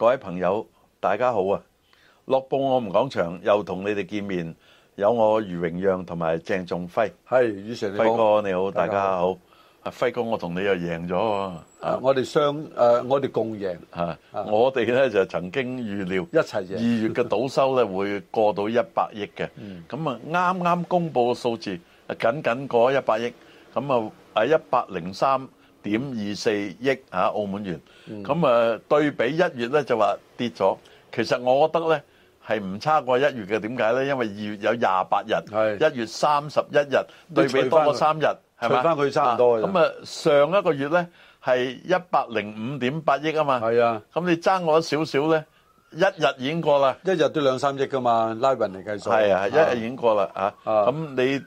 各位朋友，大家好啊！樂報我們講場又同你哋見面，有我余榮讓同埋鄭仲輝。係余成輝哥你好，大家好。輝哥我同你又贏咗。我哋雙誒，我哋共贏。吓，我哋咧就曾經預料，一齊贏。二月嘅賭收咧會過到一百億嘅。咁啊，啱啱公布嘅數字，僅僅過咗一百億。咁啊，喺一百零三。點二四億啊澳門元，咁啊對比一月咧就話跌咗，其實我覺得咧係唔差過一月嘅，點解咧？因為二月有廿八日，一月三十一日，對比多咗三日，係咪？除翻佢差唔多。咁啊上一個月咧係一百零五點八億啊嘛，係啊，咁你爭我少少咧，一日已經過啦，一日都兩三億噶嘛，拉匀嚟計數，係啊，一日已經過啦啊，咁你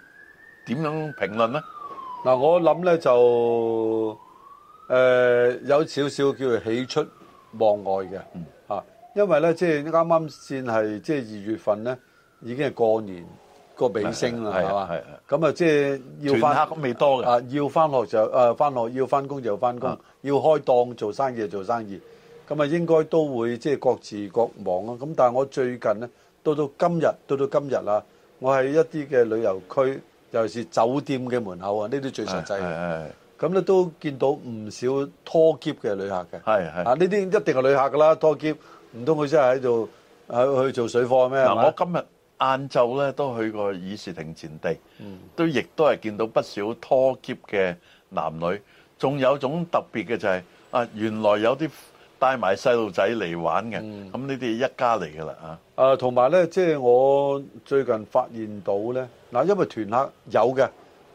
點樣評論咧？嗱，我諗咧就誒有少少叫做喜出望外嘅嚇，因為咧即係啱啱先係即係二月份咧已經係過年個尾聲啦，係嘛？咁啊，即係要返客未多嘅啊，要返學就誒返學，要返工就返工，要開檔做生意就做生意，咁啊應該都會即係各自各忙咯。咁但係我最近咧，到到今日，到到今日啊，我喺一啲嘅旅遊區。尤其是酒店嘅門口啊，呢啲最實際嘅。咁咧都見到唔少拖喼嘅旅客嘅。係係啊，呢啲一定係旅客㗎啦，拖喼唔通佢真係喺度喺去做水貨咩？我今日晏晝咧都去過議事亭前地，都亦都係見到不少拖喼嘅、啊啊嗯、男女，仲有一種特別嘅就係、是、啊，原來有啲帶埋細路仔嚟玩嘅，咁呢啲一家嚟㗎啦啊！啊，同埋咧，即係我最近發現到咧，嗱，因為團客有嘅，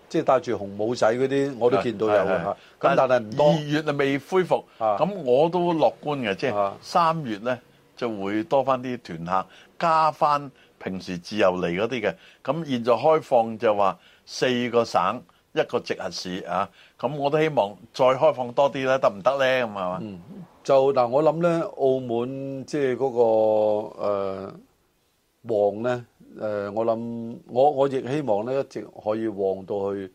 即係戴住紅帽仔嗰啲，我都見到有嘅吓。咁但係二月啊未恢復，咁我都樂觀嘅，即係三月咧就會多翻啲團客，加翻平時自由嚟嗰啲嘅。咁現在開放就話四個省一個直轄市啊，咁我都希望再開放多啲咧，得唔得咧？咁係嘛？嗯就嗱，我諗咧，澳門即係嗰個誒旺咧，誒我諗，我我亦希望咧一直可以旺到去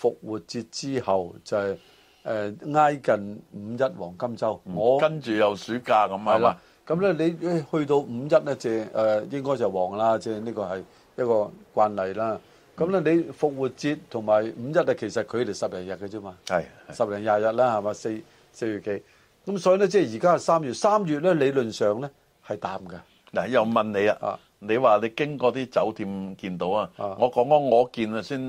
復活節之後，就係誒挨近五一黃金週。我跟住又暑假咁樣係嘛，咁咧你誒去到五一咧，即係誒應該就旺啦，即係呢個係一個慣例啦。咁咧你復活節同埋五一啊，其實佢哋十零日嘅啫嘛，係十零廿日啦，係嘛四四月幾？咁所以咧，即係而家係三月，三月咧理論上咧係淡㗎。嗱，又問你啊，你話你經過啲酒店見到啊，我講講我見啊，先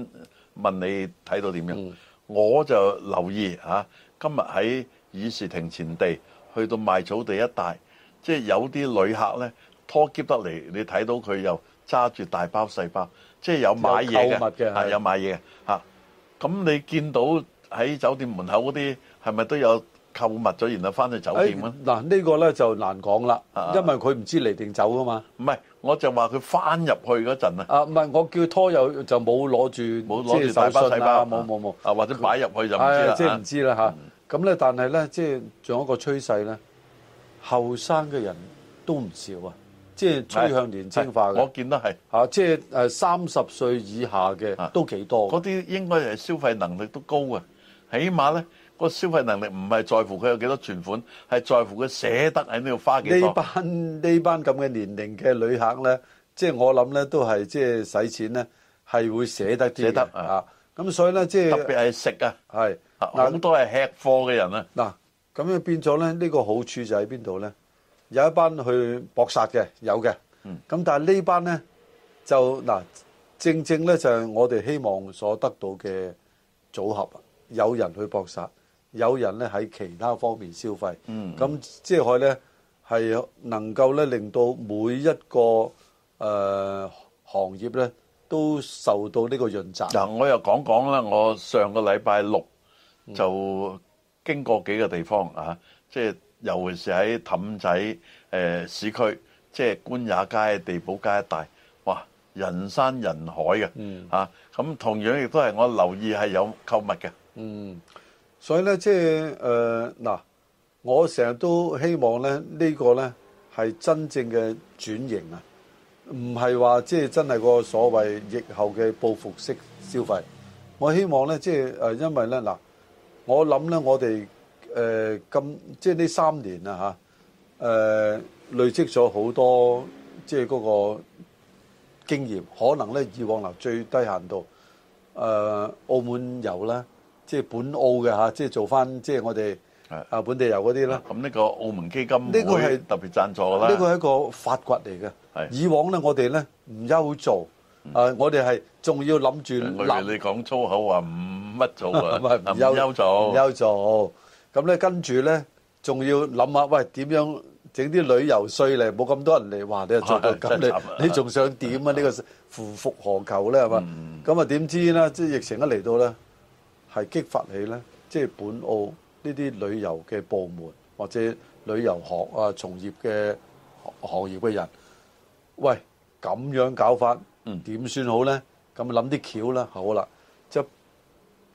問你睇到點樣？我就留意嚇、啊，今日喺議事亭前地去到賣草地一帶，即係有啲旅客咧拖劫得嚟，你睇到佢又揸住大包細包，即係有買嘢嘅，有買嘢嘅，咁你見到喺酒店門口嗰啲係咪都有？購物咗，然後翻去酒店咧。嗱，呢個咧就難講啦，因為佢唔知嚟定走㗎嘛。唔係，我就話佢翻入去嗰陣啦。啊，唔係，我叫拖友就冇攞住，冇攞住手信啊，冇冇冇。啊，或者擺入去就唔知啦。係，即係唔知啦嚇。咁咧，但係咧，即係仲有一個趨勢咧，後生嘅人都唔少啊，即係趨向年青化嘅。我見得係嚇，即係誒三十歲以下嘅都幾多。嗰啲應該係消費能力都高啊，起碼咧。個消費能力唔係在乎佢有幾多存款，係在乎佢捨得喺呢度花幾多。呢班呢班咁嘅年齡嘅旅客咧，即係我諗咧都係即係使錢咧係會捨得啲。捨得啊，啊！咁所以咧，即係特別係食啊，係好多係吃貨嘅人啊。嗱，咁樣變咗咧，呢個好處就喺邊度咧？有一班去搏殺嘅有嘅，咁但係呢班咧就嗱、啊、正正咧就係我哋希望所得到嘅組合，有人去搏殺。有人咧喺其他方面消費、嗯，咁即係咧係能夠咧令到每一個誒、呃、行業咧都受到呢個潤澤。嗱，我又講講啦，我上個禮拜六就經過幾個地方、嗯、啊，即、就、係、是、尤其是喺氹仔誒、呃、市區，即、就、係、是、官也街、地堡街一帶，哇！人山人海嘅、嗯，啊，咁同樣亦都係我留意係有購物嘅。嗯所以咧、就是，即係誒嗱，我成日都希望咧，這個、呢個咧係真正嘅轉型啊，唔係話即係真係個所謂疫後嘅報復式消費。我希望咧、就是呃呃，即係誒，因為咧嗱，我諗咧，我哋誒咁即係呢三年啊嚇，誒、呃、累積咗好多即係嗰個經驗，可能咧以往嗱最低限度誒、呃、澳門有咧。即係本澳嘅嚇，即係做翻即係我哋啊本地遊嗰啲啦。咁呢個澳門基金呢個係特別贊助㗎啦。呢個係一個發掘嚟嘅。係以往咧，我哋咧唔憂做啊！我哋係仲要諗住諗你講粗口話唔乜做啊？唔係唔憂做，唔憂做。咁咧跟住咧，仲要諗下喂點樣整啲旅遊稅嚟，冇咁多人嚟，哇！你又做到咁你你仲想點啊？呢個夫復何求咧係嘛？咁啊點知啦？即係疫情一嚟到啦。係激發起咧，即、就、係、是、本澳呢啲旅遊嘅部門或者旅遊行啊從業嘅行，行業嘅人，喂，咁樣搞法點算好咧？咁諗啲橋啦，好啦，就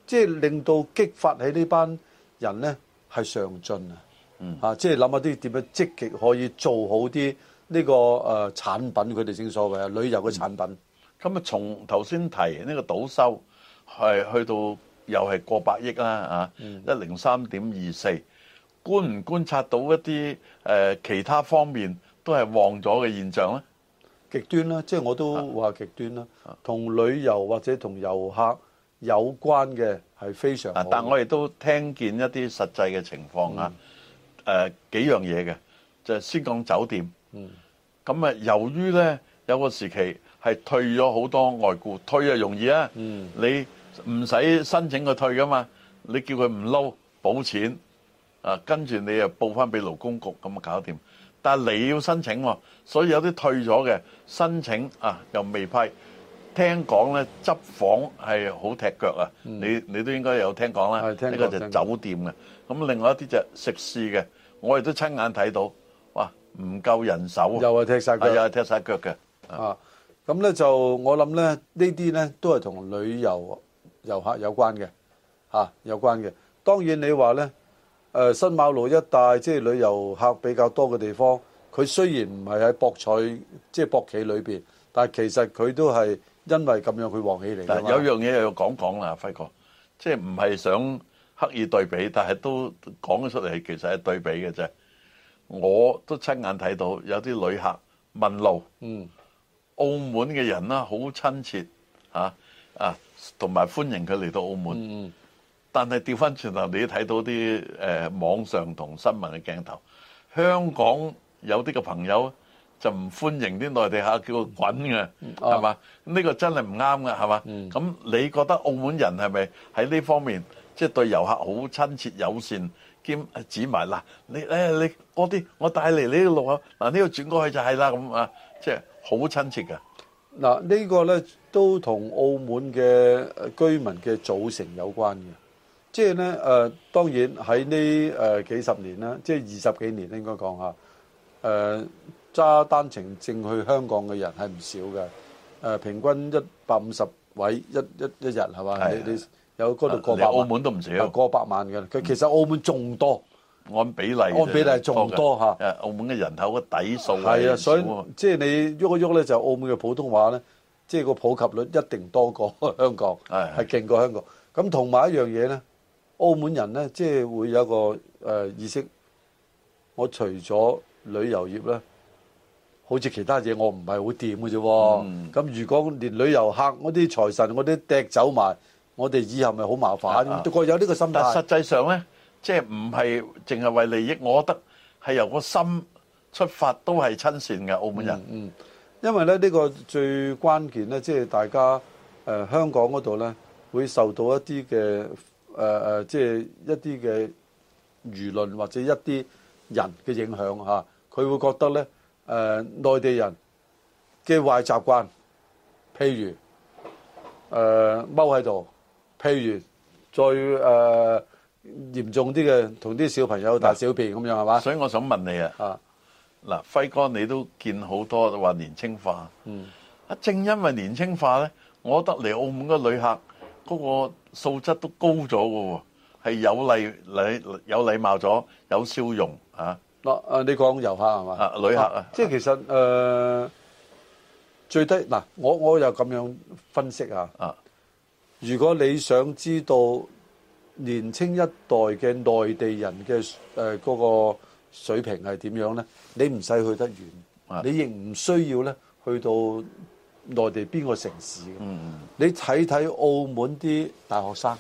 即係、就是、令到激發起呢班人咧係上進啊、嗯！啊，即係諗下啲點樣積極可以做好啲呢、這個誒、呃、產品，佢哋先所謂啊旅遊嘅產品。咁、嗯、啊、嗯嗯，從頭先提呢個賭收係去到，又係過百億啦，啊、嗯，一零三點二四，觀唔觀察到一啲誒、呃、其他方面都係旺咗嘅現象咧？極端啦，即、就、係、是、我都話極端啦，同、啊、旅遊或者同遊客有關嘅係非常、啊。但我哋都聽見一啲實際嘅情況啊，誒、嗯啊、幾樣嘢嘅，就係、先講酒店。咁、嗯、啊、嗯，由於呢，有個時期係退咗好多外僱，退啊容易啊，嗯、你。唔使申請佢退噶嘛？你叫佢唔撈補錢，啊跟住你又報翻俾勞工局咁啊搞掂。但係你要申請喎、哦，所以有啲退咗嘅申請啊又未批。聽講咧執房係好踢腳啊！嗯、你你都應該有聽講啦。呢個就酒店嘅。咁另外一啲就食肆嘅，我亦都親眼睇到，哇唔夠人手。又係踢晒腳又係踢晒腳嘅。啊咁咧、啊、就我諗咧呢啲咧都係同旅遊。遊客有關嘅，吓、啊、有關嘅。當然你話咧，誒新馬路一帶即係旅遊客比較多嘅地方，佢雖然唔係喺博彩即係、就是、博企裏邊，但係其實佢都係因為咁樣佢旺起嚟。嗱，但有樣嘢又要講講啦，輝哥，即係唔係想刻意對比，但係都講出嚟，其實係對比嘅啫。我都親眼睇到有啲旅客問路，嗯，澳門嘅人啦，好親切，吓、啊。啊，同埋歡迎佢嚟到澳門。嗯、但係調翻轉頭，你睇到啲誒網上同新聞嘅鏡頭，香港有啲嘅朋友就唔歡迎啲內地客叫佢滾㗎，係、啊、嘛？呢、這個真係唔啱㗎，係嘛？咁、嗯、你覺得澳門人係咪喺呢方面即係、就是、對遊客好親切友善？兼指埋嗱、啊，你誒、哎、你嗰啲我，我帶嚟呢個路口嗱呢個轉過去就係啦，咁啊，即係好親切㗎。嗱、啊這個、呢個咧。都同澳門嘅居民嘅組成有關嘅，即係咧誒，當然喺呢誒幾十年啦，即係二十幾年應該講下，誒、呃，揸單程證去香港嘅人係唔少嘅，誒、呃、平均一百五十位一一一日係嘛？你你有嗰度過百萬，澳門都唔少啊，過百萬嘅佢其實澳門仲多、嗯，按比例，按比例仲多嚇，誒澳門嘅人口嘅底數係啊，所以即係你喐一喐咧，就澳門嘅普通話咧。即係個普及率一定多過香港，係係勁過香港。咁同埋一樣嘢呢，澳門人呢，即係會有個、呃、意識。我除咗旅遊業呢，好似其他嘢我唔係好掂嘅啫。咁、嗯、如果連旅遊客嗰啲財神嗰啲抌走埋，我哋以後咪好麻煩。我、啊、有呢個心態。實際上呢，即係唔係淨係為利益，我覺得係由個心出發都係親善嘅澳門人。嗯。嗯。因為咧呢個最關鍵咧，即、就、係、是、大家誒、呃、香港嗰度咧，會受到一啲嘅誒誒，即、呃、係、就是、一啲嘅輿論或者一啲人嘅影響嚇。佢、啊、會覺得咧誒、呃、內地人嘅壞習慣，譬如誒踎喺度，譬如再誒、呃、嚴重啲嘅同啲小朋友大小便咁樣係嘛？所以我想問你啊。嗱，輝哥，你都見好多話年青化，嗯，啊，正因為年青化咧，我覺得嚟澳門嘅旅客嗰個素質都高咗嘅喎，係有禮禮有禮貌咗，有笑容啊！嗱，誒，你講遊客係嘛？啊，旅客啊，啊，即係其實誒、呃、最低嗱、啊，我我又咁樣分析啊，啊，如果你想知道年青一代嘅內地人嘅誒嗰個。水平係點樣呢？你唔使去得遠，你亦唔需要呢去到內地邊個城市。嗯，你睇睇澳門啲大學生，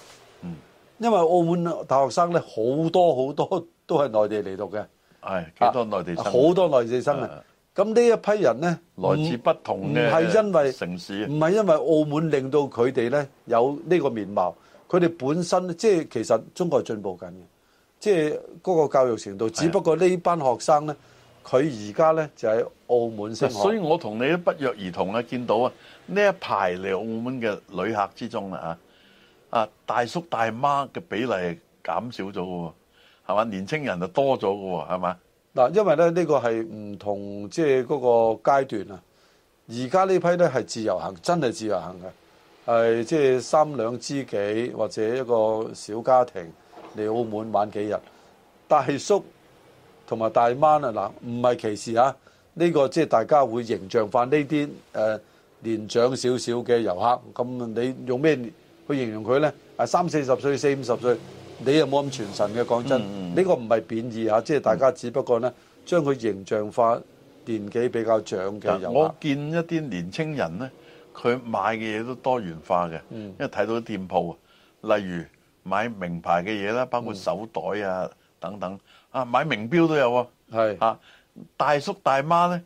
因為澳門大學生呢好多好多都係內地嚟讀嘅。係、哎、幾多內地生？好、啊、多內地生啊！咁呢一批人呢，來自不同嘅城市，唔係因為，因為澳門令到佢哋呢有呢個面貌，佢哋本身即係其實中國進步緊嘅。即係嗰個教育程度，只不過呢班學生咧，佢而家咧就喺澳門升學。所以，我同你都不約而同啊，見到啊，呢一排嚟澳門嘅旅客之中啦啊，啊大叔大媽嘅比例減少咗嘅喎，係嘛？年青人就多咗嘅喎，係嘛？嗱，因為咧呢個係唔同即係嗰個階段啊。而家呢批咧係自由行，真係自由行嘅，係即係三兩知己或者一個小家庭。你澳門玩幾日？大叔同埋大媽啊！嗱，唔係歧視吓。呢個即係大家會形象化呢啲誒年長少少嘅遊客。咁你用咩去形容佢咧？啊，三四十歲、四五十歲，你又冇咁全神嘅。講真，呢個唔係貶義吓，即係大家只不過咧將佢形象化，年紀比較長嘅遊客。我見一啲年青人咧，佢買嘅嘢都多元化嘅，因為睇到啲店鋪，例如。買名牌嘅嘢啦，包括手袋啊等等，嗯、啊買名錶都有喎。係啊，大叔大媽咧，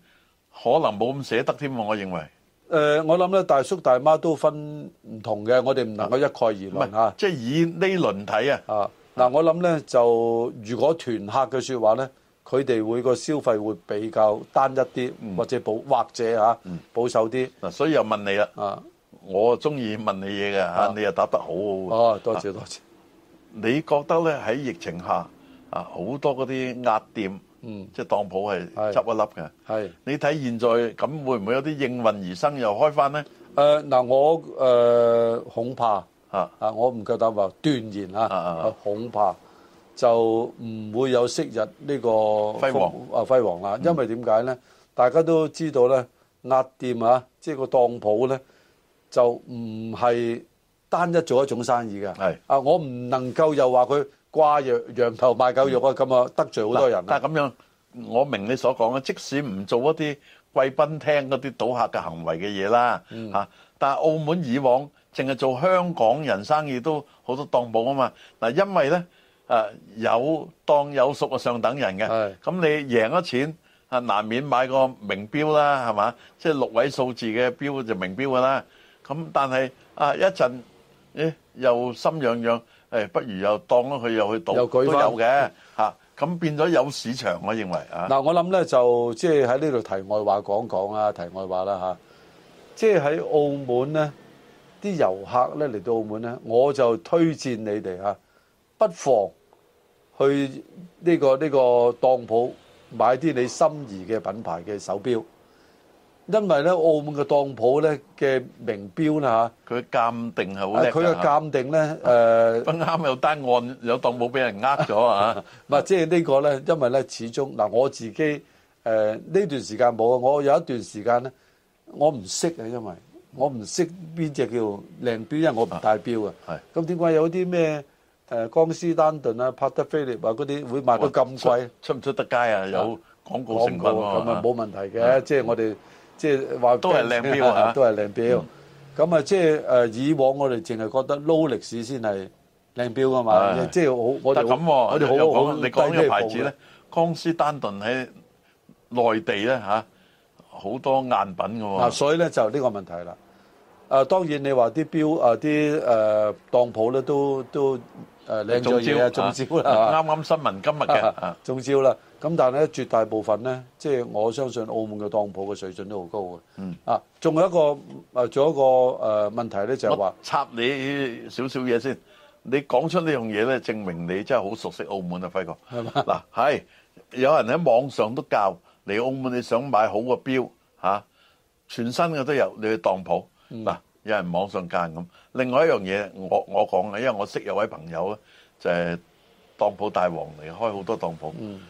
可能冇咁捨得添，我認為，誒、呃、我諗咧，大叔大媽都分唔同嘅，我哋唔能夠一概而論啊。即係、就是、以呢輪睇啊。啊，嗱、啊、我諗咧，就如果團客嘅説話咧，佢哋會個消費會比較單一啲、嗯，或者保或者嚇、啊嗯、保守啲。嗱，所以又問你啦。啊，我中意問你嘢嘅嚇，你又答得好好。哦、啊，多謝、啊、多謝。你覺得咧喺疫情下啊，好多嗰啲押店，嗯，即、就、係、是、當鋪係執一粒嘅。係，你睇現在咁會唔會有啲應運而生又開翻呢？誒、呃、嗱，我誒、呃、恐怕啊，我唔夠膽話斷言啊，啊啊啊恐怕就唔會有昔日呢個輝煌啊輝煌啦。因為點解呢、嗯？大家都知道呢，押店啊，即係個當鋪呢，就唔係。單一做一種生意嘅，係啊，我唔能夠又話佢掛羊羊頭賣狗肉啊，咁啊得罪好多人。但係咁樣，我明你所講嘅，即使唔做一啲貴賓廳嗰啲賭客嘅行為嘅嘢啦，嚇，但係澳門以往淨係做香港人生意都好多當鋪啊嘛。嗱，因為咧，誒有當有贖嘅上等人嘅，咁你贏咗錢，啊難免買個名錶啦，係嘛，即係六位數字嘅錶就名錶㗎啦。咁但係啊一陣。咦，又心癢癢，誒，不如又當咯，佢又去贖，又舉都有嘅吓，咁變咗有市場，我認為啊。嗱，我諗咧就即係喺呢度題外話講講啊，題外話啦嚇，即係喺澳門咧，啲遊客咧嚟到澳門咧，我就推薦你哋嚇，不妨去呢個呢個當鋪買啲你心儀嘅品牌嘅手錶。因為咧，澳門嘅當鋪咧嘅名錶啦嚇，佢鑑定係好叻嘅。佢嘅鑑定咧，誒，啱有單案有當鋪俾人呃咗啊！唔係即係呢個咧，因為咧，始終嗱，我自己誒呢段時間冇啊。我有一段時間咧，我唔識啊，因為我唔識邊隻叫靚表，因為我唔戴表啊。係。咁點解有啲咩誒江詩丹頓啊、帕德菲力啊嗰啲會賣到咁貴？出唔出得街啊？有廣告成㗎嘛？咁啊冇問題嘅，即係我哋。即係話都係靚表嚇，都係靚表。咁啊，即係誒以往我哋淨係覺得勞力士先係靚表㗎嘛。即係好，我哋咁喎，我哋又講你講呢個牌子咧，康斯丹頓喺內地咧嚇好多贋品㗎喎。嗱，所以咧就呢個問題啦。誒，當然你話啲表啊，啲誒當鋪咧都都誒靚咗嘢，中招啦，啱啱新聞今日嘅中招啦。咁但係咧，絕大部分咧，即係我相信澳門嘅當鋪嘅水準都好高嘅。嗯。啊，仲有一個啊，仲有一個誒問題咧，就係話插你少少嘢先。你講出呢樣嘢咧，證明你真係好熟悉澳門啊，輝哥。係嘛？嗱，係有人喺網上都教你澳門你想買好嘅表吓，全新嘅都有，你去當鋪嗱，有人網上教咁。另外一樣嘢，我我講啊，因為我識有位朋友咧，就係當鋪大王嚟，開好多當鋪。嗯。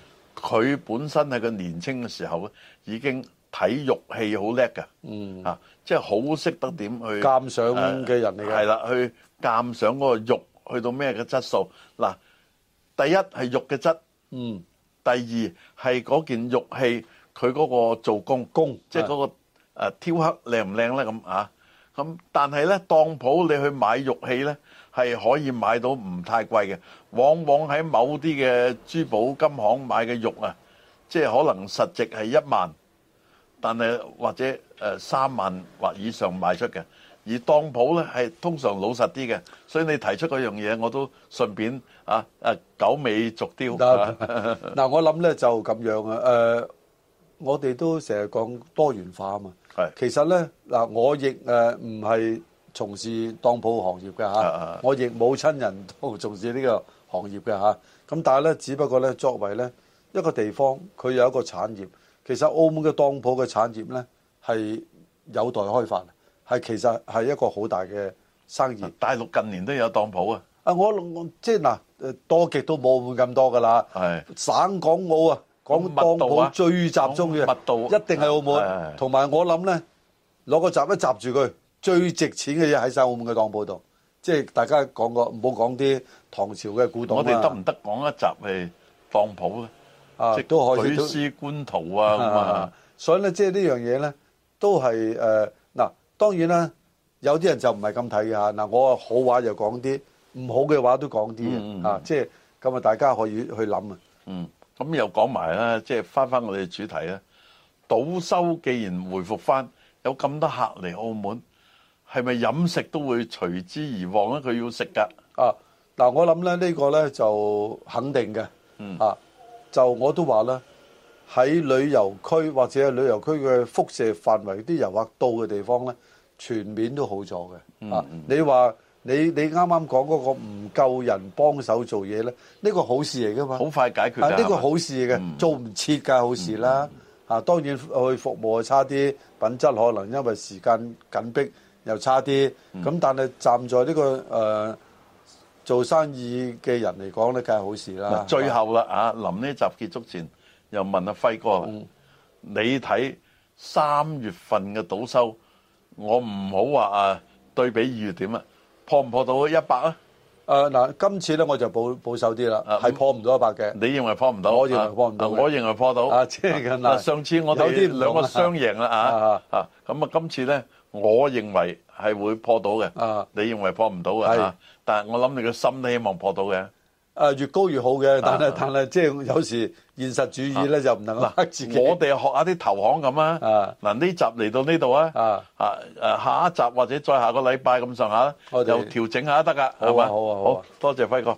佢本身係個年青嘅時候咧，已經睇玉器好叻㗎，嗯啊，即係好識得點去、啊、去鑑賞嘅人嚟嘅，係啦，去鑑賞嗰個玉去到咩嘅質素。嗱、啊，第一係玉嘅質，嗯，第二係嗰件玉器佢嗰個做工工，即係嗰、那個、啊、雕刻靚唔靚咧，咁啊，咁、啊、但係咧當鋪，你去買玉器咧，係可以買到唔太貴嘅，往往喺某啲嘅珠寶金行買嘅玉啊，即係可能實值係一萬，但係或者誒三萬或以上賣出嘅。而當鋪咧係通常老實啲嘅，所以你提出嗰樣嘢，我都順便啊誒狗尾續貂。嗱，嗱我諗咧就咁樣啊誒，我哋都成日講多元化啊嘛。係，其實咧嗱，我亦誒唔係從事當鋪行業嘅嚇，我亦冇親人都從事呢個行業嘅嚇。咁但係咧，只不過咧，作為咧一個地方，佢有一個產業。其實澳門嘅當鋪嘅產業咧係有待開發，係其實係一個好大嘅生意。大陸近年都有當鋪啊！啊，我，我即係嗱，多極都冇澳門咁多㗎啦。係。省港澳啊，講當鋪最集中嘅，密度一定係澳門。同埋我諗咧，攞個閘一閘住佢。最值錢嘅嘢喺晒澳門嘅當鋪度，即係大家講個唔好講啲唐朝嘅古董啊，啊，我哋得唔得講一集嚟當鋪咧？啊，都可以。古官圖啊，咁啊，啊，所以咧，即係呢樣嘢咧，都係誒嗱。當然啦，有啲人就唔係咁睇啊。嗱、呃。我好話就講啲唔好嘅話都講啲、嗯、啊，即係咁啊，大家可以去諗啊。嗯，咁又講埋啦，即係翻翻我哋主題啊。賭收既然回復翻，有咁多客嚟澳門。係咪飲食都會隨之而旺咧？佢要食噶啊！嗱，我諗咧呢個咧就肯定嘅、嗯、啊！就我都話啦，喺旅遊區或者係旅遊區嘅輻射範圍啲遊客到嘅地方咧，全面都好咗嘅、嗯、啊！你話你你啱啱講嗰個唔夠人幫手做嘢咧，呢、呢個好事嚟噶嘛？好快解決㗎！呢、啊呢個好事嚟嘅、嗯，做唔切㗎好事啦、嗯嗯！啊，當然去服務差啲，品質可能因為時間緊迫。又差啲，咁但係站在呢、這個誒、呃、做生意嘅人嚟講咧，梗係好事啦。最後啦啊，臨呢集結束前，又問阿、啊、輝哥，嗯、你睇三月份嘅賭收，我唔好話啊對比二月點啊，破唔破到一百啊？誒嗱，今次咧我就保保守啲啦，係、啊、破唔到一百嘅。你認為破唔到、啊？我認為破唔到。我認為破到。啊，即係咁啦。上次我有啲兩個雙贏啦啊啊，咁啊，啊，啊，今次咧。我認為係會破到嘅、啊，你認為破唔到嘅，但係我諗你個心都希望破到嘅、啊。越高越好嘅、啊，但係但係即係有時現實主義咧、啊、就唔能壓自己。啊、我哋學下啲投行咁啊，嗱呢集嚟到呢度啊，啊,啊,一啊,啊,啊下一集或者再下個禮拜咁上下啦，又調整下得㗎，好啊好,啊好,啊好多謝輝哥。